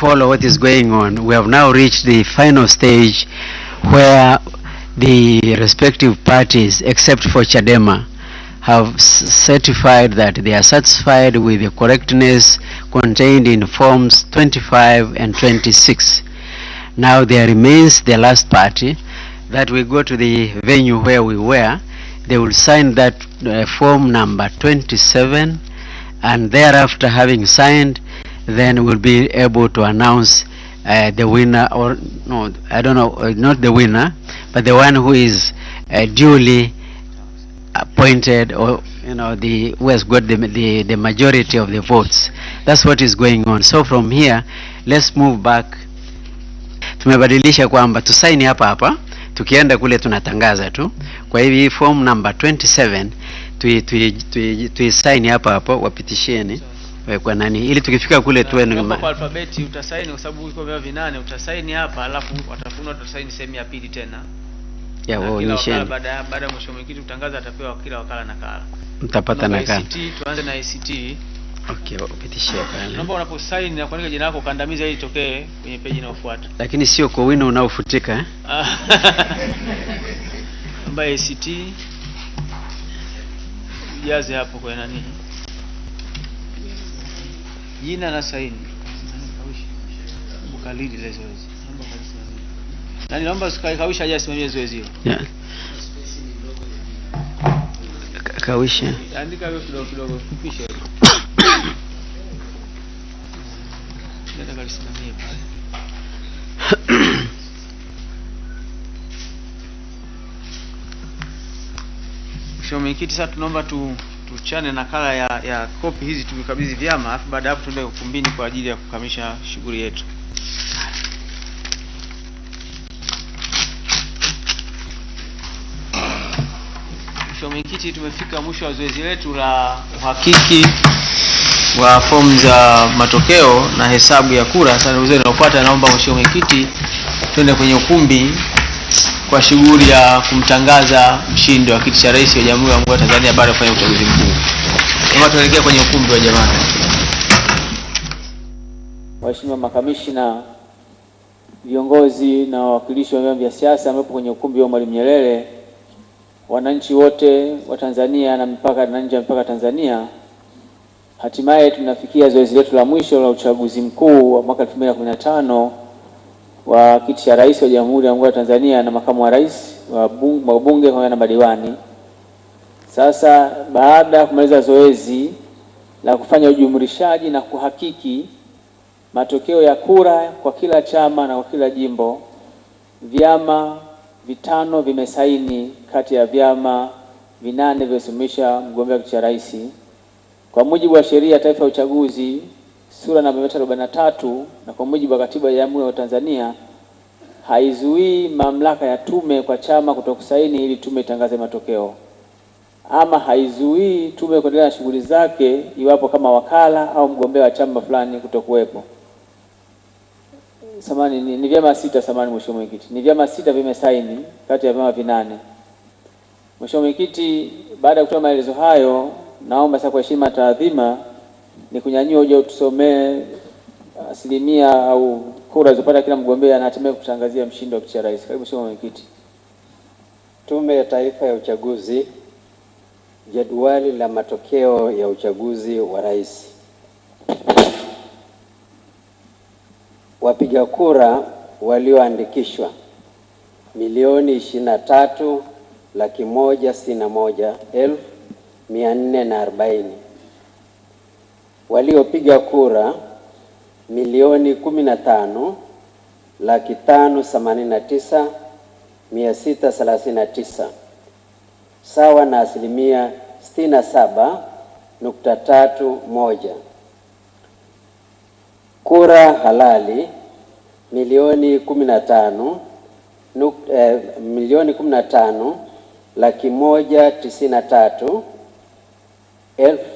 follow what is going on, we have now reached the final stage where the respective parties, except for Chadema, have certified that they are satisfied with the correctness contained in Forms 25 and 26. Now there remains the last party that we go to the venue where we were. They will sign that uh, form number 27 and thereafter having signed then we'll be able to announce uh, the winner or no, I don't know, uh, not the winner, but the one who is uh, duly appointed or you know the who has got the, the the majority of the votes. That's what is going on. So from here, let's move back. Tumebadilisha kwamba tusaini hapa hapa, tukienda kule tunatangaza tu. Kwa hivi form number 27 tuisaini tui, tui, tui hapa hapa, wapitisheni. Eh, kwa nani, ili tukifika kule tuwe ni kwa alfabeti. Utasaini kwa sababu uko vya vinane, utasaini hapa, alafu watafuna utasaini sehemu ya pili tena ya wao ni sheni. Baada ya baada ya mwisho mwenyekiti kutangaza, atapewa kila wakala na nakala, mtapata kala Tuanze na ACT. Okay, upitishie pale. Naomba unaposaini na kuandika jina lako kandamiza ili itokee kwenye peji inayofuata. Lakini sio kwa wino unaofutika eh. Naomba ACT jaze hapo kwa nani? jina la saini ukalili ile zoezi na niomba ninaomba usikaikausha hajasimamia zoezi hilo yeah. Kawisha andika hiyo kidogo kidogo, kupisha hiyo nenda kalisimamia pale Mheshimiwa Mwenyekiti, sasa tunaomba tu tuchane nakala ya, ya kopi hizi tukikabidhi vyama, alafu baada ya hapo tuende ukumbini kwa ajili ya kukamilisha shughuli yetu. Mheshimiwa Mwenyekiti, tumefika mwisho wa zoezi letu la uhakiki wa fomu za matokeo na hesabu ya kura. Sasa uzio unaofuata, naomba Mheshimiwa Mwenyekiti, tuende kwenye ukumbi kwa shughuli ya kumtangaza mshindi wa kiti cha rais wa Jamhuri ya Muungano wa Tanzania baada ya kufanya uchaguzi mkuu. Kama tunaelekea kwenye ukumbi wa jamani. Waheshimiwa makamishna, viongozi na wawakilishi wa vyama vya siasa ambao kwenye ukumbi wa Mwalimu Nyerere, wananchi wote wa Tanzania na mipaka na nje ya mipaka Tanzania, hatimaye tunafikia zoezi letu la mwisho la uchaguzi mkuu wa mwaka 2015 wa kiti cha rais wa Jamhuri ya Muungano wa Tanzania na makamu wa rais, wa wabunge pamoja na madiwani. Sasa baada ya kumaliza zoezi la kufanya ujumrishaji na kuhakiki matokeo ya kura kwa kila chama na kwa kila jimbo, vyama vitano vimesaini kati ya vyama vinane vilivyosimamisha mgombea wa kiti cha rais. Kwa mujibu wa sheria ya taifa ya uchaguzi sura namba tatu na kwa mujibu wa katiba ya Jamhuri ya Tanzania haizuii mamlaka ya tume kwa chama kutokusaini ili tume itangaze matokeo, ama haizuii tume kuendelea na shughuli zake iwapo kama wakala au mgombea wa chama fulani kutokuwepo. Samani ni, ni vyama sita. Samani mheshimiwa mwenyekiti, ni vyama sita vimesaini kati ya vyama vinane. Mheshimiwa mwenyekiti, baada ya kutoa maelezo hayo, naomba sasa kwa heshima taadhima ni kunyanyua uje utusomee uh, asilimia au kura zilizopata kila mgombea na hatimaye kutangazia mshindi wa kiti cha rais. Karibu sana mwenyekiti. Tume ya Taifa ya Uchaguzi, jadwali la matokeo ya uchaguzi wa rais. Wapiga kura walioandikishwa milioni ishirini na tatu laki moja sitini na moja elfu mia nne na arobaini waliopiga kura milioni kumi na tano laki tano themanini na tisa mia sita thelathini na tisa sawa na asilimia sitini na saba nukta tatu moja. Kura halali milioni kumi na tano eh, milioni kumi na tano laki moja tisini na tatu elfu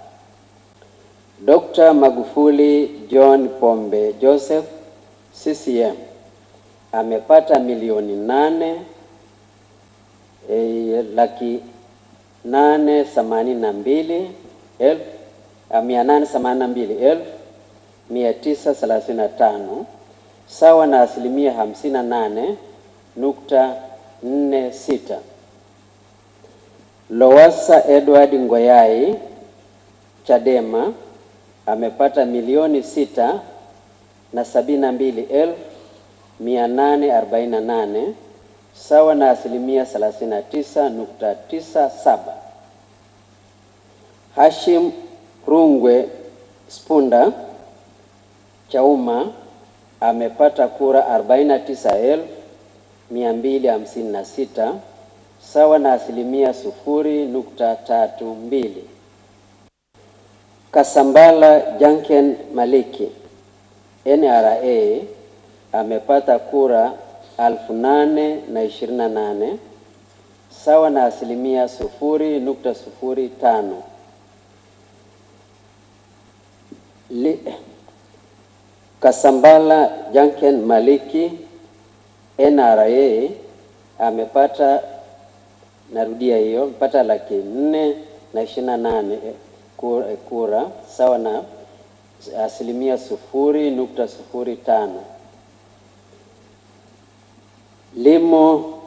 Dr. Magufuli John Pombe Joseph CCM amepata milioni nane e, laki nane themanini na mbili elfu mia nane themanini na mbili elfu mia tisa thelathini na tano sawa na asilimia hamsini na nane nukta nne sita. Lowassa Edward Ngoyai Chadema amepata milioni sita na sabini na mbili elfu mia nane arobaini na nane sawa na asilimia thelathini na tisa nukta tisa saba. Hashim Rungwe Spunda Chauma amepata kura arobaini na tisa elfu mia mbili hamsini na sita sawa na asilimia sufuri nukta tatu mbili. Kasambala Janken Maliki NRA amepata kura elfu nane na ishirini na nane sawa na asilimia sufuri nukta sufuri tano. Li, Kasambala Janken Maliki NRA amepata, narudia hiyo, amepata laki nne na ishirini na nane eh, kura, kura sawa na asilimia sufuri nukta sufuri tano. Limo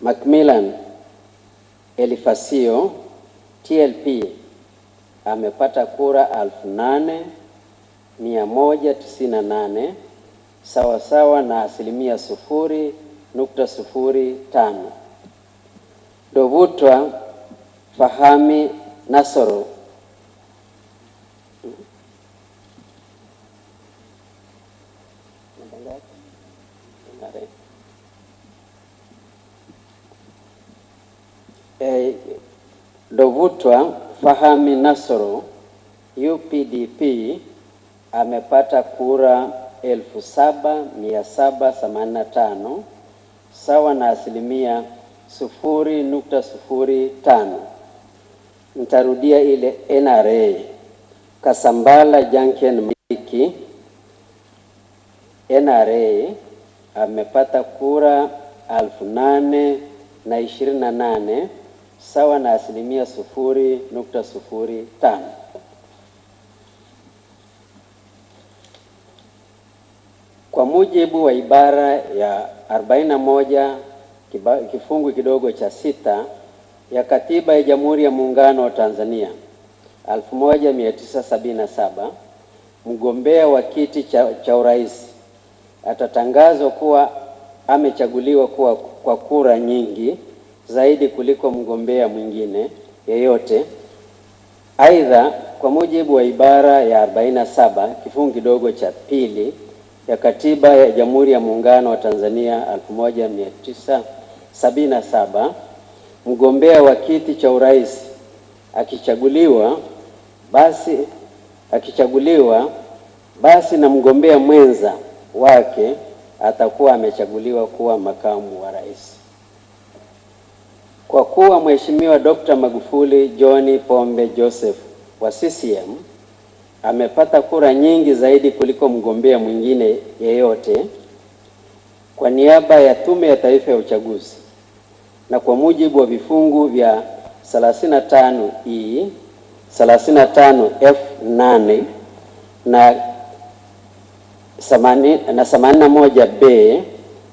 Macmillan Elifasio TLP amepata kura alfu nane mia moja tisini na nane sawa sawa na asilimia sufuri nukta sufuri tano. Dovutwa Fahami nasoro Dovutwa eh, Fahami Nasoro UPDP amepata kura elfu saba mia saba themanini na tano sawa na asilimia sufuri nukta sufuri tano nitarudia ile NRA Kasambala Junction Miki. NRA amepata kura alfu nane na ishirini na nane sawa na asilimia sufuri nukta sufuri tano. Kwa mujibu wa ibara ya 41 kifungu kidogo cha sita ya Katiba ya Jamhuri ya Muungano wa Tanzania 1977 mgombea wa kiti cha, cha urais atatangazwa kuwa amechaguliwa kuwa kwa kura nyingi zaidi kuliko mgombea mwingine yeyote. Aidha, kwa mujibu wa ibara ya 47 kifungu kidogo cha pili ya Katiba ya Jamhuri ya Muungano wa Tanzania 1977 mgombea wa kiti cha urais akichaguliwa basi, akichaguliwa basi na mgombea mwenza wake atakuwa amechaguliwa kuwa makamu wa rais. Kwa kuwa Mheshimiwa Dr. Magufuli John Pombe Joseph wa CCM amepata kura nyingi zaidi kuliko mgombea mwingine yeyote, kwa niaba ya Tume ya Taifa ya Uchaguzi na kwa mujibu wa vifungu vya 35E, 35F8 na 81B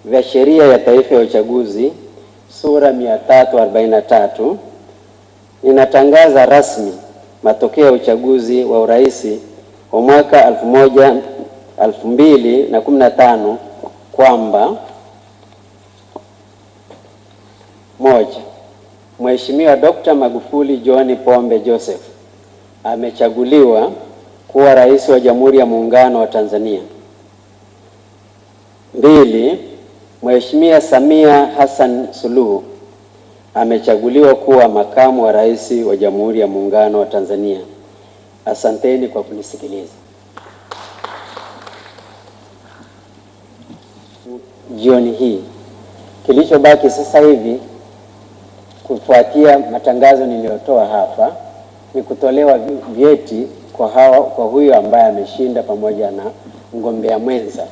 vya sheria ya taifa ya uchaguzi sura 343 inatangaza rasmi matokeo ya uchaguzi wa urais wa mwaka 2015 kwamba Moja, Mheshimiwa Dkt. Magufuli John Pombe Joseph amechaguliwa kuwa rais wa Jamhuri ya Muungano wa Tanzania. Mbili, Mheshimiwa Samia Hassan Suluhu amechaguliwa kuwa makamu wa rais wa Jamhuri ya Muungano wa Tanzania. Asanteni kwa kunisikiliza. Jioni hii kilichobaki sasa hivi kufuatia matangazo niliyotoa hapa ni kutolewa vyeti kwa, hawa, kwa huyo ambaye ameshinda pamoja na mgombea mwenza,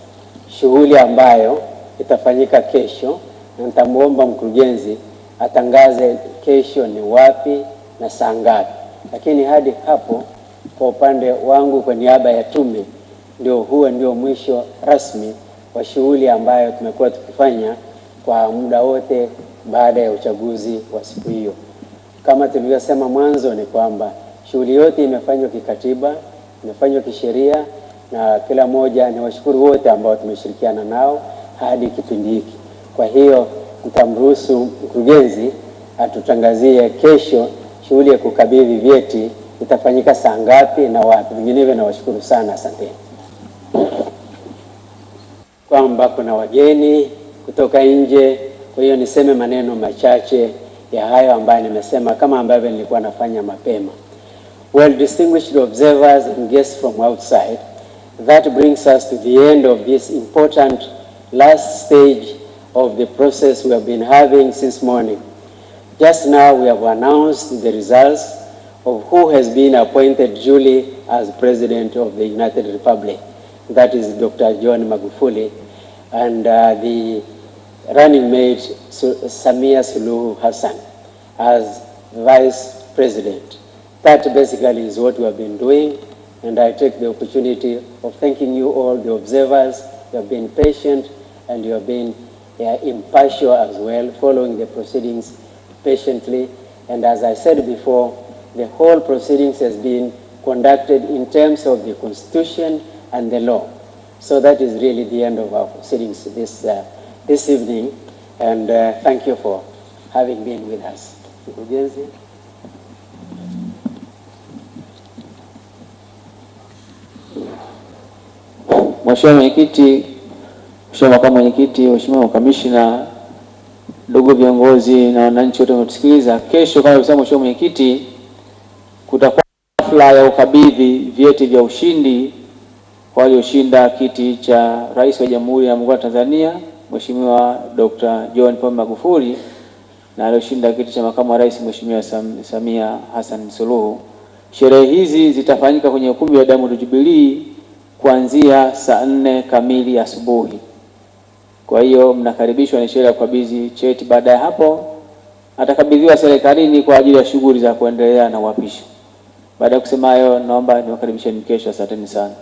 shughuli ambayo itafanyika kesho, na nitamwomba mkurugenzi atangaze kesho ni wapi na saa ngapi. Lakini hadi hapo kwa upande wangu, kwa niaba ya tume, ndio huo ndio mwisho rasmi wa shughuli ambayo tumekuwa tukifanya kwa muda wote baada ya uchaguzi wa siku hiyo. Kama tulivyosema mwanzo, ni kwamba shughuli yote imefanywa kikatiba, imefanywa kisheria, na kila moja ni washukuru wote ambao tumeshirikiana nao hadi kipindi hiki. Kwa hiyo nitamruhusu mkurugenzi atutangazie kesho shughuli ya kukabidhi vyeti itafanyika saa ngapi na wapi. Vinginevyo nawashukuru sana, asanteni. Kwamba kuna wageni kutoka nje kwa hiyo niseme maneno machache ya hayo ambayo nimesema kama ambavyo nilikuwa nafanya mapema. Well, distinguished observers and guests from outside, that brings us to the end of this important last stage of the process we have been having since morning. Just now we have announced the results of who has been appointed duly as President of the United Republic. That is Dr. John Magufuli and uh, the running mate Samia Suluhu Hassan as Vice President. That basically is what we have been doing and I take the opportunity of thanking you all, the observers, you have been patient and you have been yeah, impartial as well, following the proceedings patiently. And as I said before, the whole proceedings has been conducted in terms of the Constitution and the law. So that is really the end of our proceedings this uh, this evening and uh, thank you for having been with us. Mkurugenzi, Mheshimiwa Mwenyekiti, Mheshimiwa Makamu Mwenyekiti, Mheshimiwa Kamishna, ndugu viongozi na wananchi wote wametusikiliza kesho kama alivyosema Mheshimiwa Mwenyekiti, kutakuwa hafla ya ukabidhi vyeti vya ushindi kwa walioshinda kiti cha Rais wa Jamhuri ya Muungano wa Tanzania Mheshimiwa Dr. John Pombe Magufuli na aliyoshinda kiti cha makamu wa rais Mheshimiwa Sam, Samia Hassan Suluhu. Sherehe hizi zitafanyika kwenye ukumbi wa Diamond Jubilee kuanzia saa nne kamili asubuhi. Kwa hiyo mnakaribishwa, ni sherehe ya kukabidhi cheti. Baada ya hapo atakabidhiwa serikalini kwa ajili ya shughuli za kuendelea na uapishi. Baada ya kusema hayo, naomba niwakaribishe mkesho. Asanteni sana.